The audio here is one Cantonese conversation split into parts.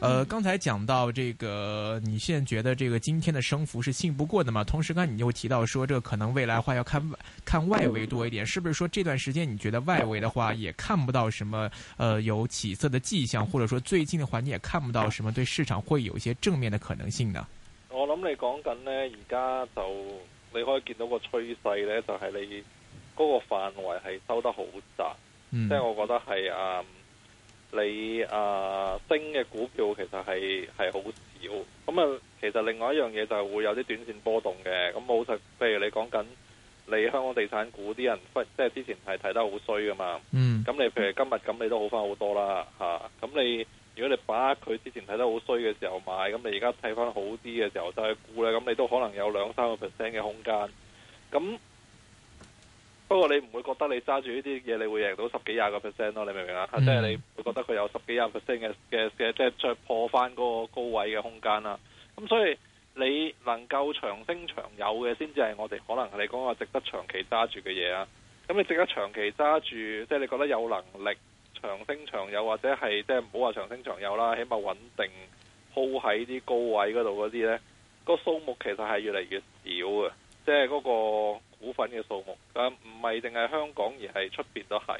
呃，剛才講到這個，你現在覺得這個今天的升幅是信不過的嘛？同時呢，你又提到說，這個、可能未來話要看看外圍多一點，是不是說這段時間你覺得外圍的話也看不到什麼，呃，有起色的跡象，或者說最近的環境也看不到什麼對市場會有一些正面的可能性呢？我諗你講緊呢，而家就你可以見到個趨勢呢，就係你嗰個範圍係收得好窄，嗯，即係我覺得係啊。嗯你啊升嘅股票其實係係好少，咁啊其實另外一樣嘢就係會有啲短線波動嘅，咁冇實譬如你講緊你香港地產股啲人，即係之前係睇得好衰噶嘛，咁、嗯、你譬如今日咁你都好翻好多啦嚇，咁、啊、你如果你把佢之前睇得好衰嘅時候買，咁你而家睇翻好啲嘅時候就去沽咧，咁你都可能有兩三個 percent 嘅空間，咁。不過你唔會覺得你揸住呢啲嘢，你會贏到十幾廿個 percent 咯？你明唔明啊？即、嗯、係、就是、你會覺得佢有十幾廿 percent 嘅嘅即係再破翻嗰個高位嘅空間啦。咁所以你能夠長升長有嘅，先至係我哋可能你講話值得長期揸住嘅嘢啊。咁你值得長期揸住，即、就、係、是、你覺得有能力長升長有，或者係即係唔好話長升長有啦，起碼穩定鋪喺啲高位嗰度嗰啲呢，個數目其實係越嚟越少嘅，即係嗰個。股份嘅數目，誒唔係淨係香港，而係出邊都係，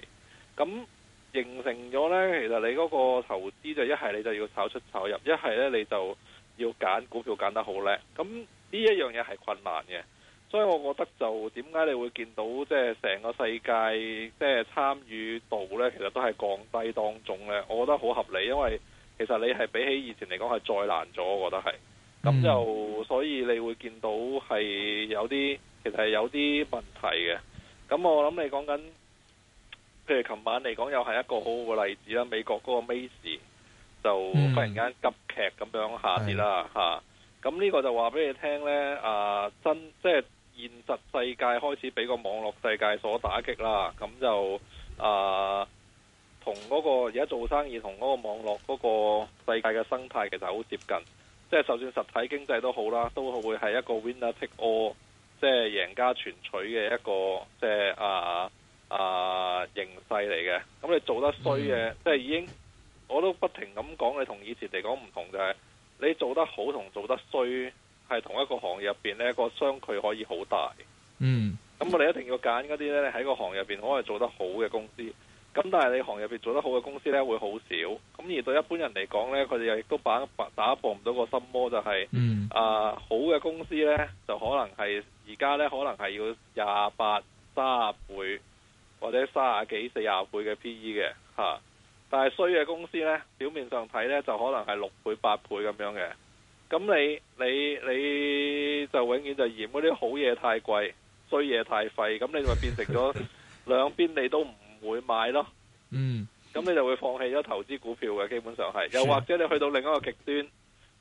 咁形成咗呢，其實你嗰個投資就一係你就要炒出炒入，一係呢，你就要揀股票揀得好叻，咁呢一樣嘢係困難嘅，所以我覺得就點解你會見到即係成個世界即係參與度呢，其實都係降低當中呢。我覺得好合理，因為其實你係比起以前嚟講係再難咗，我覺得係。咁就所以，你會見到係有啲，其實係有啲問題嘅。咁我諗你講緊，譬如琴晚嚟講又係一個很好好嘅例子啦。美國嗰個美市就忽然間急劇咁樣下跌啦，吓、嗯、咁、啊、呢個就話俾你聽咧，啊，真即係現實世界開始俾個網絡世界所打擊啦。咁就啊，同嗰、嗰個而家做生意同嗰個網絡嗰個世界嘅生態其實好接近。即係，就算實體經濟都好啦，都會係一個 winner take all，即係贏家全取嘅一個即係啊啊形勢嚟嘅。咁你做得衰嘅，mm. 即係已經我都不停咁講，你同以前嚟講唔同就係你做得好同做得衰係同一個行業入面呢個相距可以好大。嗯，咁我哋一定要揀嗰啲呢，喺個行業入面可能做得好嘅公司。咁但係你行入邊做得好嘅公司呢，會好少。咁而對一般人嚟講呢，佢哋亦都打打破唔到個心魔，就係、是嗯、啊好嘅公司呢，就可能係而家呢，可能係要廿八、三十倍或者三十幾、四十倍嘅 P E 嘅吓、啊。但係衰嘅公司呢，表面上睇呢，就可能係六倍、八倍咁樣嘅。咁你你你就永遠就嫌嗰啲好嘢太貴，衰嘢太廢。咁你咪變成咗 兩邊你都唔。會買咯，嗯，咁你就會放棄咗投資股票嘅，基本上係，又或者你去到另一個極端，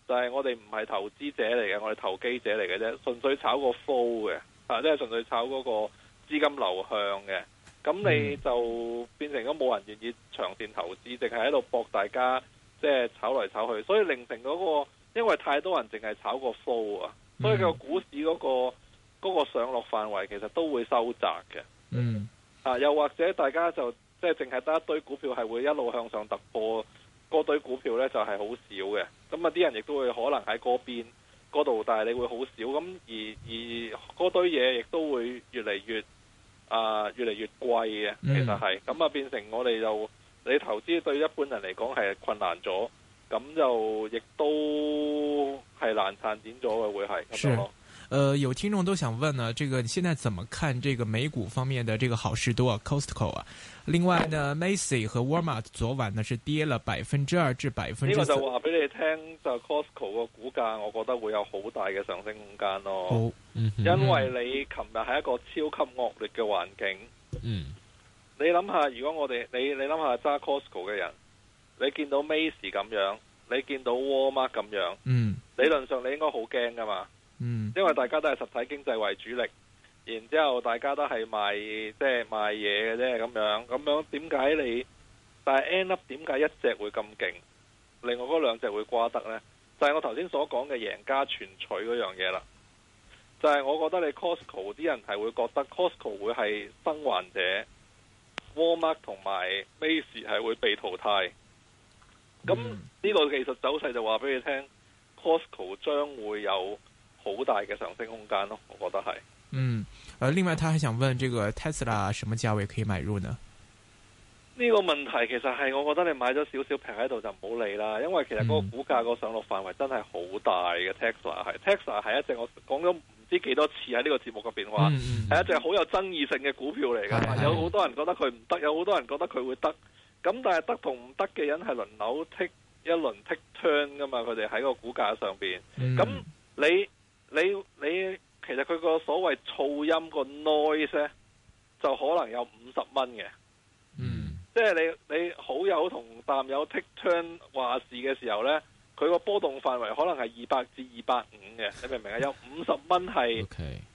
就係我哋唔係投資者嚟嘅，我哋投機者嚟嘅啫，純粹炒個 flow 嘅，啊，即係純粹炒嗰個資金流向嘅，咁你就變成咗冇人願意長線投資，淨係喺度博大家，即係炒嚟炒去，所以令成嗰個，因為太多人淨係炒個 flow 啊，所以個股市嗰個嗰個上落範圍其實都會收窄嘅，嗯。又或者大家就即係淨係得一堆股票係會一路向上突破，嗰堆股票咧就係好少嘅，咁啊啲人亦都會可能喺嗰邊嗰度，但係你會好少。咁而而嗰堆嘢，亦都會越嚟越，啊、呃，越嚟越貴嘅。其實係，咁啊，變成我哋又你投資，對一般人嚟講係困難咗，咁就亦都係難賺錢咗嘅，會係咁樣咯。Sure. 呃有聽眾都想問呢，這個你現在怎麼看？這個美股方面的這個好事多啊 （Costco） 啊啊，另外呢，Macy 和 Walmart 昨晚呢是跌了百分之二至百分之四。呢、這個就話俾你聽，就是、Costco 個股價，我覺得會有好大嘅上升空間咯。Oh, 嗯、因為你琴日係一個超級惡劣嘅環境。嗯。你諗下，如果我哋你你諗下揸 Costco 嘅人，你見到 Macy 咁樣，你見到 Walmart 咁樣，嗯，理論上你應該好驚㗎嘛。嗯，因為大家都係實體經濟為主力，然之後大家都係賣即係、就是、賣嘢嘅啫，咁樣咁樣點解你但係 end up 點解一隻會咁勁，另外嗰兩隻會瓜得呢？就係、是、我頭先所講嘅贏家全取嗰樣嘢啦。就係、是、我覺得你 Costco 啲人係會覺得 Costco 會係生還者，Walmart 同埋 Macy 係會被淘汰。咁呢個技術走勢就話俾你聽、嗯、Costco 將會有。好大嘅上升空間咯，我覺得係。嗯，另外，他還想問，這個 Tesla 什麼價位可以買入呢？呢、這個問題其實係我覺得你買咗少少平喺度就唔好理啦，因為其實嗰個股價個上落範圍真係好大嘅 Tesla 係 Tesla 係一隻我講咗唔知幾多次喺呢個節目入邊話係一隻好有爭議性嘅股票嚟噶、哎，有好多人覺得佢唔得，有好多人覺得佢會得，咁但係得同唔得嘅人係輪流 take 一輪 take turn 噶嘛，佢哋喺個股價上邊，咁、嗯、你。你你其實佢個所謂噪音個 noise 呢就可能有五十蚊嘅，嗯，即係你你好友同淡友 take turn 話事嘅時候咧，佢個波動範圍可能係二百至二百五嘅， 你明唔明啊？有五十蚊係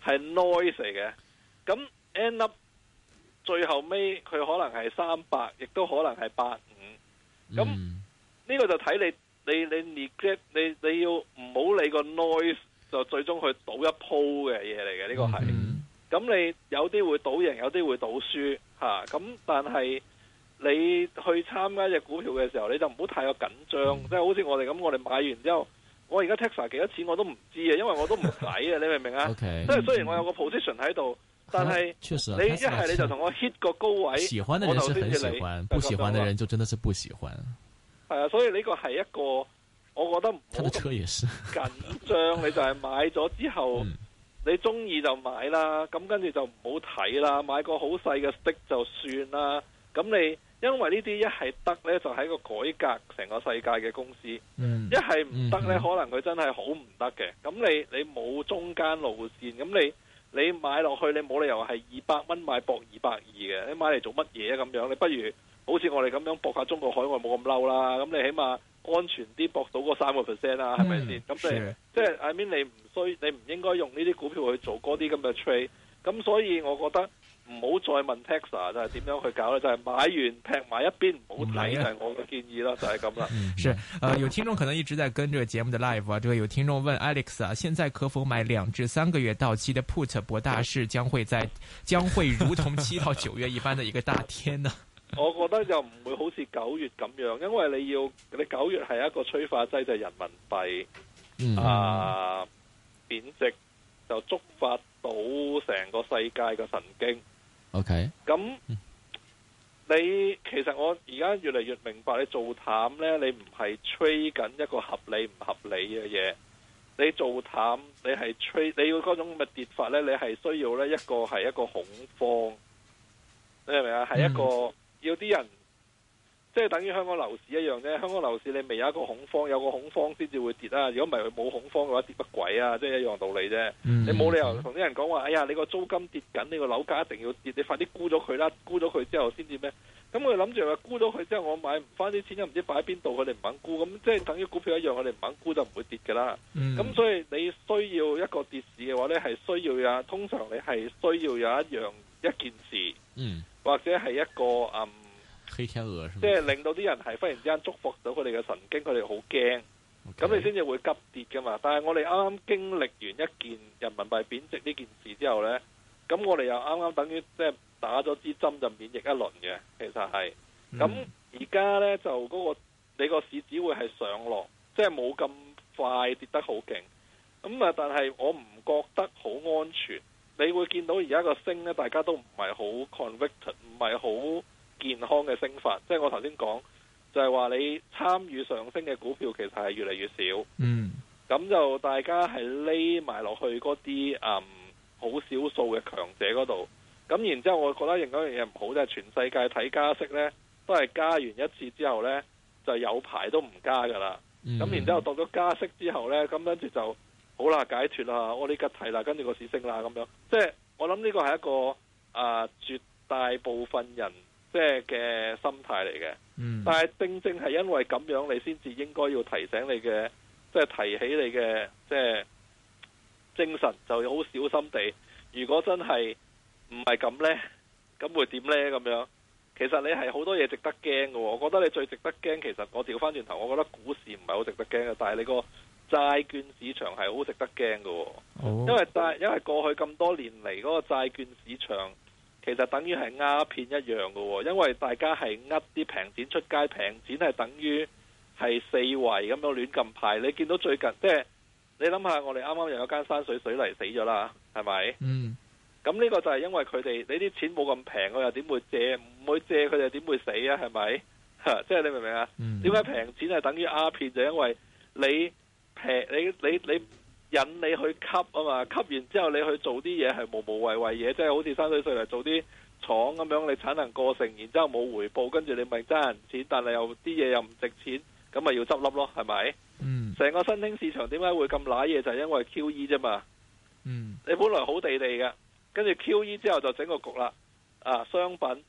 係 noise 嚟嘅。咁 end up 最後尾佢可能係三百，亦都可能係八五，咁、嗯、呢、這個就睇你你你 negate, 你你你要唔好理個 noise。就最終去賭一鋪嘅嘢嚟嘅，呢、嗯呢個係。咁你有啲會賭贏，有啲會賭輸嚇。咁、啊、但係你去參加一隻股票嘅時候，你就唔、嗯就是、好太過緊張。即係好似我哋咁，我哋買完之後，我而家 Tesla 幾多錢我都唔知啊，因為我都唔計 啊。你明唔明啊？OK。即係雖然我有個 position 喺度、嗯，但係你一係、啊、你就同我 hit 個高位，我頭先嘅嚟。喜歡的人是很喜歡，不喜歡的人就真的是不喜歡。係啊，所以呢個係一個。我覺得唔好咁緊張，你就係買咗之後， 嗯、你中意就買啦，咁跟住就唔好睇啦，買個好細嘅 stick 就算啦。咁你因為這些是呢啲一係得咧，就係、是、一個改革成個世界嘅公司；一係唔得咧，可能佢真係好唔得嘅。咁你你冇中間路線，咁你你買落去，你冇理由係二百蚊買博二百二嘅，你買嚟做乜嘢啊？咁樣你不如好似我哋咁樣博下中國海外冇咁嬲啦。咁你起碼。安全啲博到嗰三個 percent 啦，係咪先？咁、就是、即係即係，I mean 你唔需你唔應該用呢啲股票去做嗰啲咁嘅 trade 咁所以我覺得唔好再問 taxa 就係點樣去搞咧，就係、是、買完劈埋一邊唔好睇就係、是、我嘅建議啦，就係咁啦。是啊、呃，有聽眾可能一直在跟住節目的 live 啊，就有有聽眾問 Alex 啊，現在可否買兩至三個月到期的 put 博大市將會在將會如同七到九月一般嘅一個大天呢？ 我覺得就唔會好似九月咁樣，因為你要你九月係一個催化劑，就係、是、人民幣、mm -hmm. 啊貶值就觸發到成個世界嘅神經。OK，咁你其實我而家越嚟越明白，你做淡呢，你唔係吹緊一個合理唔合理嘅嘢，你做淡你係吹你要嗰種咁嘅跌法呢，你係需要呢一個係一個恐慌，你明唔明啊？係一個。Mm -hmm. 要啲人即係、就是、等於香港樓市一樣啫，香港樓市你未有一個恐慌，有個恐慌先至會跌啦。如果唔係佢冇恐慌嘅話，跌乜鬼啊？即、就、係、是、一樣道理啫。Mm -hmm. 你冇理由同啲人講話，哎呀，你個租金跌緊，你個樓價一定要跌，你快啲沽咗佢啦。沽咗佢之後先至咩？咁我諗住話沽咗佢之後，我買唔翻啲錢，又唔知道擺邊度，佢哋唔肯沽。咁即係等於股票一樣，我哋唔肯沽就唔會跌噶啦。咁、mm -hmm. 所以你需要一個跌市嘅話呢係需要啊。通常你係需要有一樣一件事。Mm -hmm. 或者係一個嗯，黑天鵝，即係、就是、令到啲人係忽然之間觸發到佢哋嘅神經，佢哋好驚，咁、okay. 你先至會急跌嘅嘛。但係我哋啱啱經歷完一件人民幣貶值呢件事之後呢，咁我哋又啱啱等於即係打咗支針就免疫一輪嘅，其實係。咁而家呢就嗰、那個你個市只會係上落，即係冇咁快跌得好勁。咁啊，但係我唔覺得好安全。你會見到而家個升咧，大家都唔係好 convict，唔係好健康嘅升法。即係我頭先講，就係話你參與上升嘅股票，其實係越嚟越少。嗯，咁就大家係匿埋落去嗰啲嗯好少數嘅強者嗰度。咁然之後，我覺得另一樣嘢唔好就係全世界睇加息咧，都係加完一次之後咧，就有排都唔加㗎喇。咁，嗯，然之後到咗加息之後咧，咁跟住就。好啦，解脫啦，我呢吉提啦，跟住個市升啦，咁樣，即係我諗呢個係一個啊、呃、絕大部分人即係嘅心態嚟嘅，嗯。但係正正係因為咁樣，你先至應該要提醒你嘅，即係提起你嘅，即係精神就要好小心地。如果真係唔係咁呢，咁會點呢？咁樣，其實你係好多嘢值得驚嘅。我覺得你最值得驚，其實我調翻轉頭，我覺得股市唔係好值得驚嘅，但係你個。債券市場係好值得驚嘅，哦，oh。因為債因為過去咁多年嚟嗰，那個債券市場其實等於係鴉片一樣嘅，哦，因為大家係呃啲平錢出街，平錢係等於係四圍咁樣亂咁排。你見到最近即係你諗下，我哋啱啱又有間山水水泥死咗啦，係咪？嗯，咁呢個就係因為佢哋你啲錢冇咁平，佢又點會借？唔會借佢哋又點會死啊？係咪？ 即係你明唔明啊？點、mm. 解平錢係等於鴉片？就因為你。劈你你你引你去吸啊嘛，吸完之後你去做啲嘢係無無謂謂嘢，即係好似山水水嚟做啲廠咁樣，你產能過剩，然之後冇回報，跟住你咪爭人錢，但係又啲嘢又唔值錢，咁咪要執笠咯，係咪？嗯，成個新興市場點解會咁瀨嘢就係、是、因為 QE 啫嘛。嗯，你本來好地地嘅，跟住 QE 之後就整個局啦。啊，商品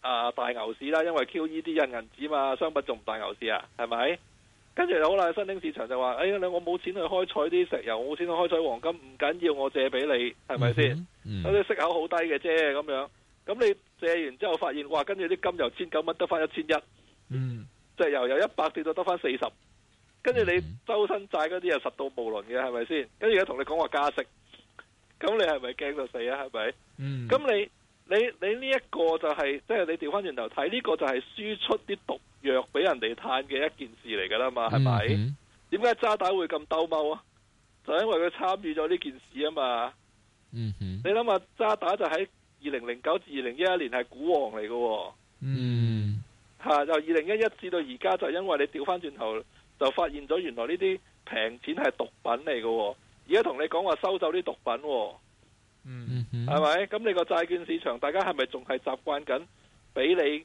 啊大牛市啦，因為 QE 啲印銀紙嘛，商品仲唔大牛市啊，係咪？跟住好啦，新興市場就話：哎呀，你我冇錢去開採啲石油，冇錢去開採黃金，唔緊要，我借俾你，係咪先？嗰啲，mm-hmm. mm-hmm. 息口好低嘅啫，咁樣。咁你借完之後發現，哇！跟住啲金由千九蚊得返一千一，嗯，mm-hmm. 石油由一百跌到得返四十，跟住你周身債嗰啲又實到無倫嘅，係咪先？跟住而家同你講話加息，咁你係咪驚到死啊？係咪？嗯，咁你。你你呢一個就係，即係你調翻轉頭睇，呢個就係輸出啲毒藥俾人哋嘆嘅一件事嚟噶啦嘛係咪？嗯。點解渣打會咁兜踎啊？就因為佢參與咗呢件事啊嘛。嗯哼，你諗下渣打就喺二零零九至二零一一年係股王嚟嘅、哦。嗯，吓由二零一一至到而家就因為你調翻轉頭就發現咗原來呢啲平錢係毒品嚟嘅、哦。而家同你講話收走啲毒品、哦。嗯嗯。係、mm、咪 -hmm.？咁你個債券市場，大家係咪仲係習慣緊俾你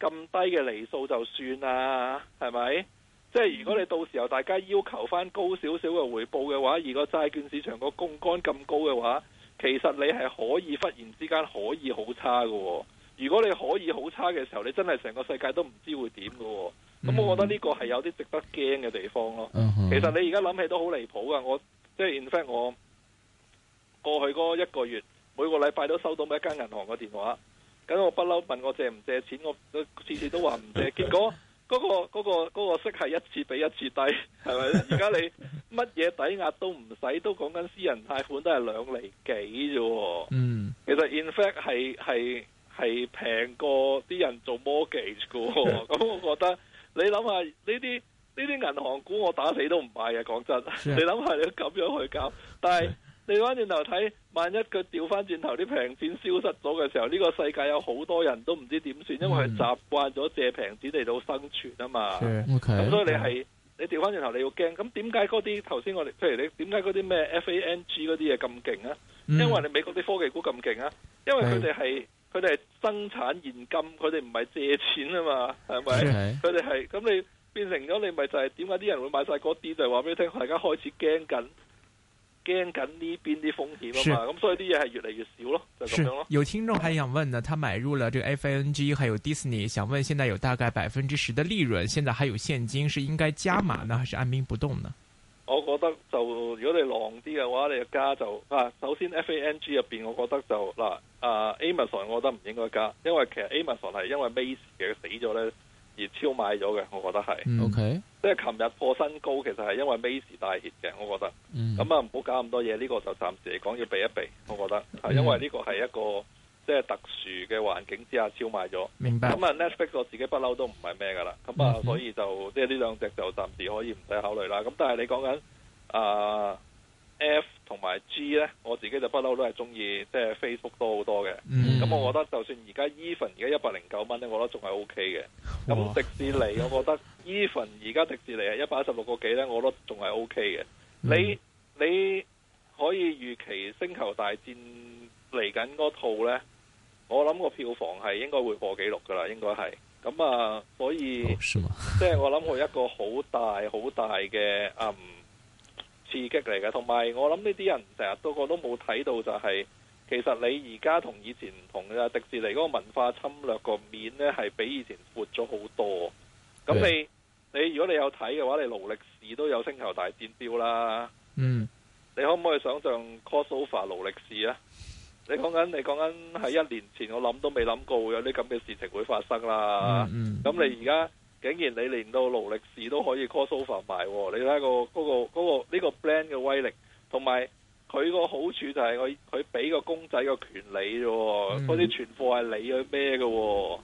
咁低嘅厘數就算啊？係咪？即係如果你到時候大家要求翻高少少嘅回報嘅話，而個債券市場個槓桿咁高嘅話，其實你係可以忽然之間可以好差嘅、哦。如果你可以好差嘅時候，你真係成個世界都唔知會點嘅、哦。咁我覺得呢個係有啲值得驚嘅地方咯。Mm -hmm. uh -huh. 其實你而家諗起都好離譜嘅。我即係 in fact 我。過去嗰一個月，每個禮拜都收到每一間銀行嘅電話，咁我不嬲問我借唔借錢，我次次都話唔借。結果嗰、嗰個、嗰個、嗰個息係一次比一次低，係咪？而家你乜嘢抵押都唔使，都講緊私人貸款都係兩厘幾啫。嗯，其實 in fact 係係係平過啲人做 mortgage 嘅。咁我覺得你諗下呢啲呢啲銀行股，我打死都唔買嘅。講真，你諗下你咁樣去搞，但係。你翻轉頭睇，萬一佢掉翻轉頭啲平錢消失咗嘅時候，呢、這個世界有好多人都唔知點算，因為佢習慣咗借平錢嚟到生存啊嘛。咁、嗯 okay，所以你係你調翻轉頭你要驚。咁點解嗰啲頭先我哋，譬如你點解嗰啲咩 FANG 嗰啲嘢咁勁啊？因為你美國啲科技股咁勁啊，因為佢哋係佢哋係生產現金，佢哋唔係借錢啊嘛，係咪？佢哋係咁你變成咗你咪就係點解啲人會買晒嗰啲？就話、是、俾你聽，大家開始驚緊。驚緊呢邊啲風險啊嘛，咁所以啲嘢係越嚟越少咯，就咁、是、樣咯。有聽眾還想問呢，他買入了這個 FANG，還有 Disney，想問現在有大概百分之十的利潤，現在還有現金，是應該加碼呢，還是按兵不動呢？我覺得就如果你浪啲嘅話，你就加就啊。首先 FANG 入邊，我覺得就嗱、啊啊、Amazon 我覺得唔應該加，因為其實 Amazon 係因為 Maze 嘅死咗咧。而超買咗嘅，我覺得係。OK，即係琴日破新高，其實係因為美時帶血嘅，我覺得。咁、嗯、啊，唔好搞咁多嘢，呢、呢個就暫時嚟講要避一避，我覺得。係、嗯、因為呢個係一個即係特殊嘅環境之下超買咗。明白。咁啊，Netflix 我自己不嬲都唔係咩噶啦。咁啊，所以就、嗯、即係呢兩隻就暫時可以唔使考慮啦。咁但係你講緊啊、呃、F。同埋 G 咧，我自己就不嬲都係中意即係 Facebook 多好多嘅。咁、嗯，那我覺得就算而家 Even 而家一百零九蚊咧，我覺得仲係 O K 嘅。咁迪士尼，我 迪士尼，我覺得 Even 而家迪士尼係一百一十六個幾咧，我覺得仲係 O K 嘅。你，你可以預期《星球大戰》嚟緊嗰套咧，我諗個票房係應該會破紀錄噶啦，應該係。咁啊，所以即係、哦就是、我諗佢一個好大好大嘅啊。嗯刺激嚟嘅，同埋我諗呢啲人成日都個都冇睇到就係、是，其實你而家同以前唔同嘅迪士尼嗰個文化侵略個面呢係比以前闊咗好多。咁你你如果你有睇嘅話，你勞力士都有星球大戰表啦。嗯，你可唔可以想象 Cosova 勞力士呢？你講緊你講緊喺一年前，我諗都未諗過會有啲咁嘅事情會發生啦。嗯，咁、嗯嗯、你而家。竟然你連到勞力士都可以 call sofa 賣喎！你睇、嗰個嗰、嗰個嗰、嗰個呢、呢個 brand 嘅威力，同埋佢個好處就係佢佢俾個公仔個權利啫，嗰、嗯、啲存貨係你去孭嘅，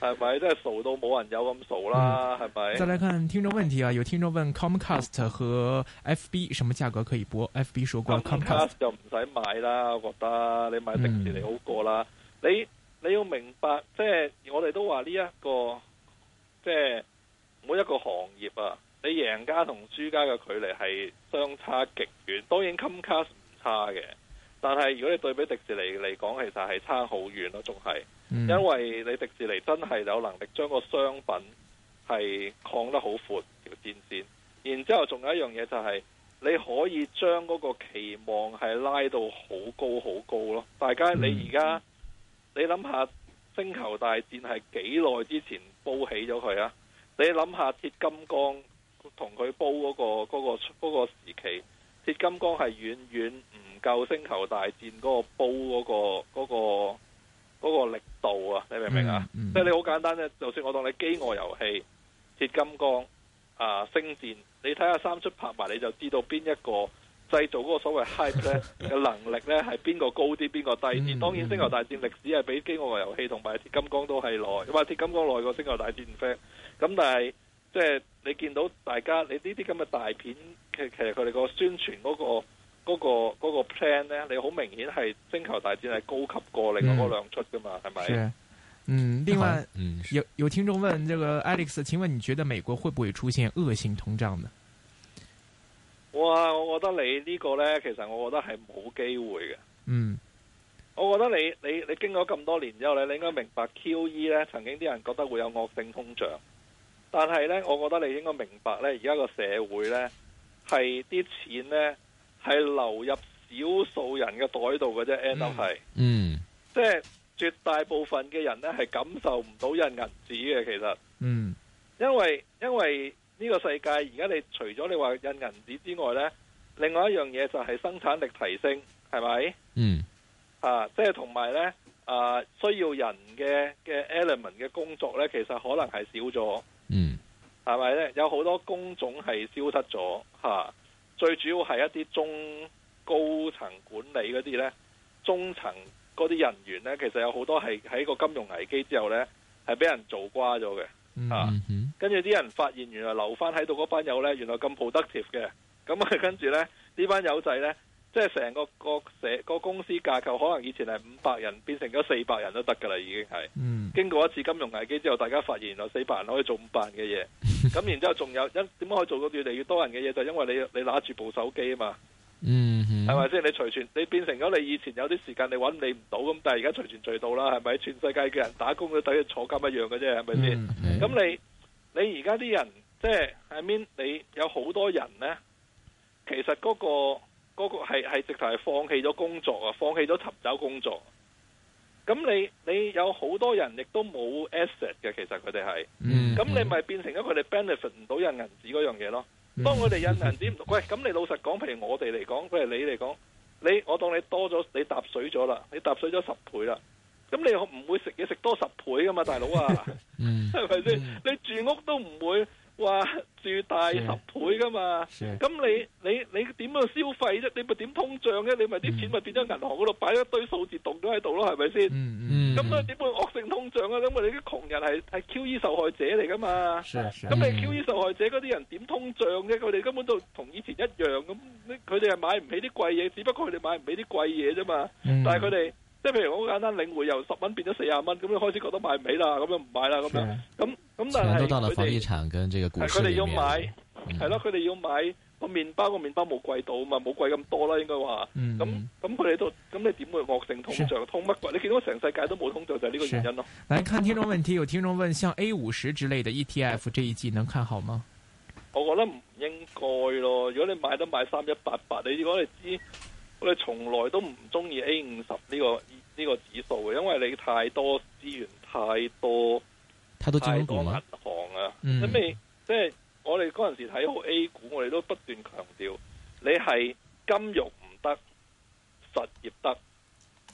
係咪真係傻到冇人有咁傻啦？係、嗯、咪再嚟看聽眾問題啊？有聽眾問 Comcast 和 FB 什麼價格可以播？FB 說過 Comcast, Comcast 就唔使買啦，我覺得你買迪士尼好過啦。嗯、你你要明白，即係我哋都話呢一個。即係每一個行業啊，你贏家同輸家嘅距離係相差極遠。當然 Comcast 唔差嘅，但係如果你對比迪士尼嚟講，其實係差好遠咯，仲係。因為你迪士尼真係有能力將個商品係擴得好闊條戰線，然之後仲有一樣嘢就係你可以將嗰個期望係拉到好高好高咯。大家你而家你諗下。星球大戰係幾耐之前煲起咗佢啊？你諗下鐵金剛同佢煲嗰個嗰個嗰個時期，鐵金剛係遠遠唔夠星球大戰嗰個煲嗰個嗰個嗰個力度啊！你明唔明啊？即係，嗯，嗯，就是，你好簡單咧，就算我當你饑餓遊戲、鐵金剛啊、星戰，你睇下三出拍埋，你就知道邊一個。製造嗰個所謂 hype 嘅能力咧係邊個高啲邊個低啲？當然星《星球大戰》歷史係比《饑餓遊戲》同埋、那個《鐵金剛》都係耐，或者《鐵金剛》耐過《星球大戰》f a 咁，但係即係你見到大家你呢啲咁嘅大片，其其實佢哋個宣傳嗰個嗰個嗰個 plan 咧，你好明顯係《星球大戰》係高級過另外嗰兩出噶嘛，係、嗯、咪？嗯，另外是是有有聽眾問：，這個 Alex，請問你覺得美國會不會出現惡性通脹呢？哇！我覺得你呢個呢，其實我覺得係冇機會嘅。嗯，我覺得你你你經過咁多年之後呢，你應該明白 QE 呢曾經啲人覺得會有惡性通脹，但係呢，我覺得你應該明白呢，而家個社會呢係啲錢呢係流入少數人嘅袋度嘅啫，end up 係，嗯，即係絕大部分嘅人呢係感受唔到印銀紙嘅，其實，嗯，因為因為。呢個世界而家，你除咗你話印銀紙之外呢，另外一樣嘢就係生產力提升，係咪？嗯。啊，即係同埋呢，啊需要人嘅嘅 element 嘅工作呢，其實可能係少咗。嗯。係咪咧？有好多工種係消失咗，嚇、啊。最主要係一啲中高層管理嗰啲呢，中層嗰啲人員呢，其實有好多係喺個金融危機之後呢，係俾人做瓜咗嘅。嗯哼。跟住啲人發現，原來留翻喺度嗰班友呢，原來咁 productive 嘅。咁啊，跟住呢呢班友仔呢，即係成個個社個公司架構，可能以前係五百人，變成咗四百人都得噶啦，已經係。嗯。經過一次金融危機之後，大家發現原來，四百人可以做五百人嘅嘢。咁 然之後仲有，一點解可以做到越嚟越多人嘅嘢，就是、因為你你拿住部手機啊嘛。嗯。係咪先？你隨傳你變成咗你以前有啲時間你揾你唔到，咁但係而家隨傳隨到啦，係咪？全世界嘅人打工都等於坐監一樣嘅啫，係咪先？咁、嗯嗯、你。你而家啲人即係，I mean，你有好多人呢？其實嗰個嗰個係係直頭係放棄咗工作啊，放棄咗尋找工作。咁你你有好多人亦都冇 asset 嘅，其實佢哋係，咁你咪變成咗佢哋 benefit 唔到印銀紙嗰樣嘢咯。當佢哋印銀紙，喂，咁你老實講，譬如我哋嚟講，譬如你嚟講，你我當你多咗，你搭水咗啦，你搭水咗十倍啦。咁你唔會食嘢食多十倍噶嘛，大佬啊，係咪先？你住屋都唔會話住大十倍噶嘛。咁你你你點樣消費啫？你咪點通脹啫？你咪啲錢咪變咗銀行嗰度擺咗一堆數字動咗喺度咯，係咪先？咁所以點會惡性通脹啊？咁我哋啲窮人係係 QE 受害者嚟噶嘛？咁你 QE 受害者嗰啲人點通脹啫？佢哋根本都同以前一樣。咁佢哋係買唔起啲貴嘢，只不過佢哋買唔起啲貴嘢啫嘛。但係佢哋。即係譬如好簡單，領匯由，由十蚊變咗四十蚊，咁你開始覺得買唔起啦，咁樣唔買啦咁樣，咁咁但係都到啦，房地產跟呢個股，佢哋佢哋要買，係、嗯、咯，佢哋要買個麵包，個麵包冇貴到嘛，冇貴咁多啦，應該話，咁咁佢哋都咁，你點會惡性通脹，通乜鬼？你見到成世界都冇通脹就係呢個原因咯。嚟，看聽眾問題，有聽眾問，像 A 五十之類嘅 ETF，這一季能看好嗎？我覺得唔應該咯，如果你買都買三一八八，你如果你知。我哋從來都唔中意 A 五十呢個呢個指數嘅，因為你太多資源，太多太多銀行啊，因、嗯、為即係我哋嗰陣時睇好 A 股，我哋都不斷強調你係金融唔得，實業得。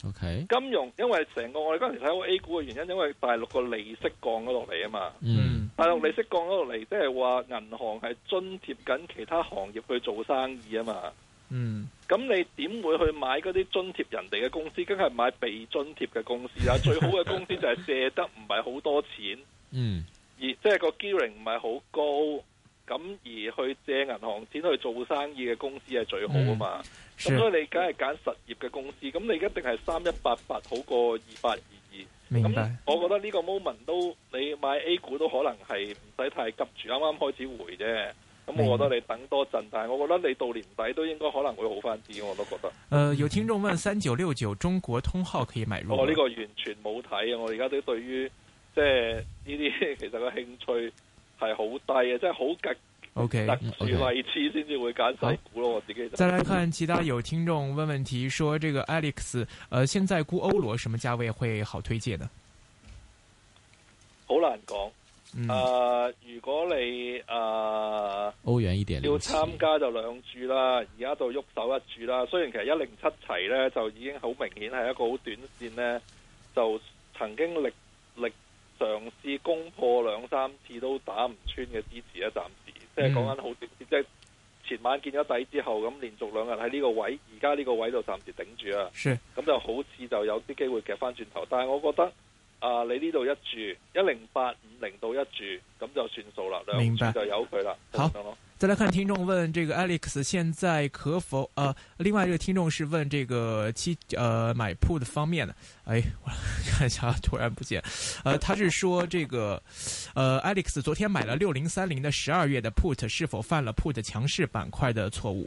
O、okay. K. 金融因為成個我哋嗰陣時睇好 A 股嘅原因，因為大陸個利息降咗落嚟啊嘛，嗯，大陸利息降咗落嚟，即係話銀行係津貼緊其他行業去做生意啊嘛，嗯。咁你點會去買嗰啲津貼人哋嘅公司？梗係買被津貼嘅公司啦。 最好嘅公司就係借得唔係好多錢，嗯，而即係個 gearing 唔係好高，咁而去借銀行錢去做生意嘅公司係最好啊嘛。咁、嗯、所以你梗係揀實業嘅公司。咁你一定係三一八八好過二八二二。明白。咁我覺得呢個 moment 都你買 A 股都可能係唔使太急住，啱啱開始回啫。咁、嗯嗯、我覺得你等多陣，但係我覺得你到年底都應該可能會好翻啲，我都覺得。誒、呃，有聽眾問三九六九中國通號可以買入？我呢個完全冇睇啊！我而家都對於即係呢啲其實個興趣係好低啊，即係好極特殊, okay, 特殊 okay, 位置先至會揀手股咯、啊，我自己就。再來看其他有聽眾問問題，說這個 Alex，誒、呃，現在估歐羅什麼價位會好推介呢？好難講。誒、嗯呃，如果你誒、呃、歐元一點要參加就兩注啦，而家就喐手一注啦。雖然其實一零七齊呢，就已經好明顯係一個好短線呢，就曾經力力嘗試攻破兩三次都打唔穿嘅支持啊，暫時即係講緊好短，即係前晚見咗底之後咁，連續兩日喺呢個位，而家呢個位就暫時頂住啊，咁就好似就有啲機會夾翻轉頭，但係我覺得。啊！你呢度一注一零八五零到一注咁就算數啦，明白就由佢啦。好等等，再來看聽眾問，這個 Alex 現在可否？誒、呃，另外一個聽眾是問這個七，呃買 put 的方面的。誒、哎，我看一下，突然不見。呃他是說這個，呃 Alex 昨天買了六零三零的十二月的 put，是否犯了 put 的強勢板塊的錯誤？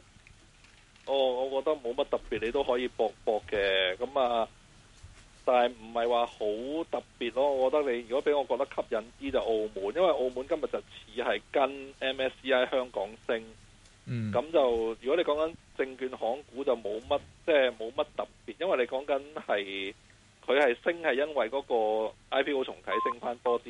哦，我覺得冇乜特別，你都可以搏搏嘅咁啊。但係唔係話好特別咯，我覺得你如果俾我覺得吸引啲就是、澳門，因為澳門今日就似係跟 MSCI 香港升，咁、嗯、就如果你講緊證券行股就冇乜，即係冇乜特別，因為你講緊係佢係升係因為嗰個 IPO 重啟升翻多啲。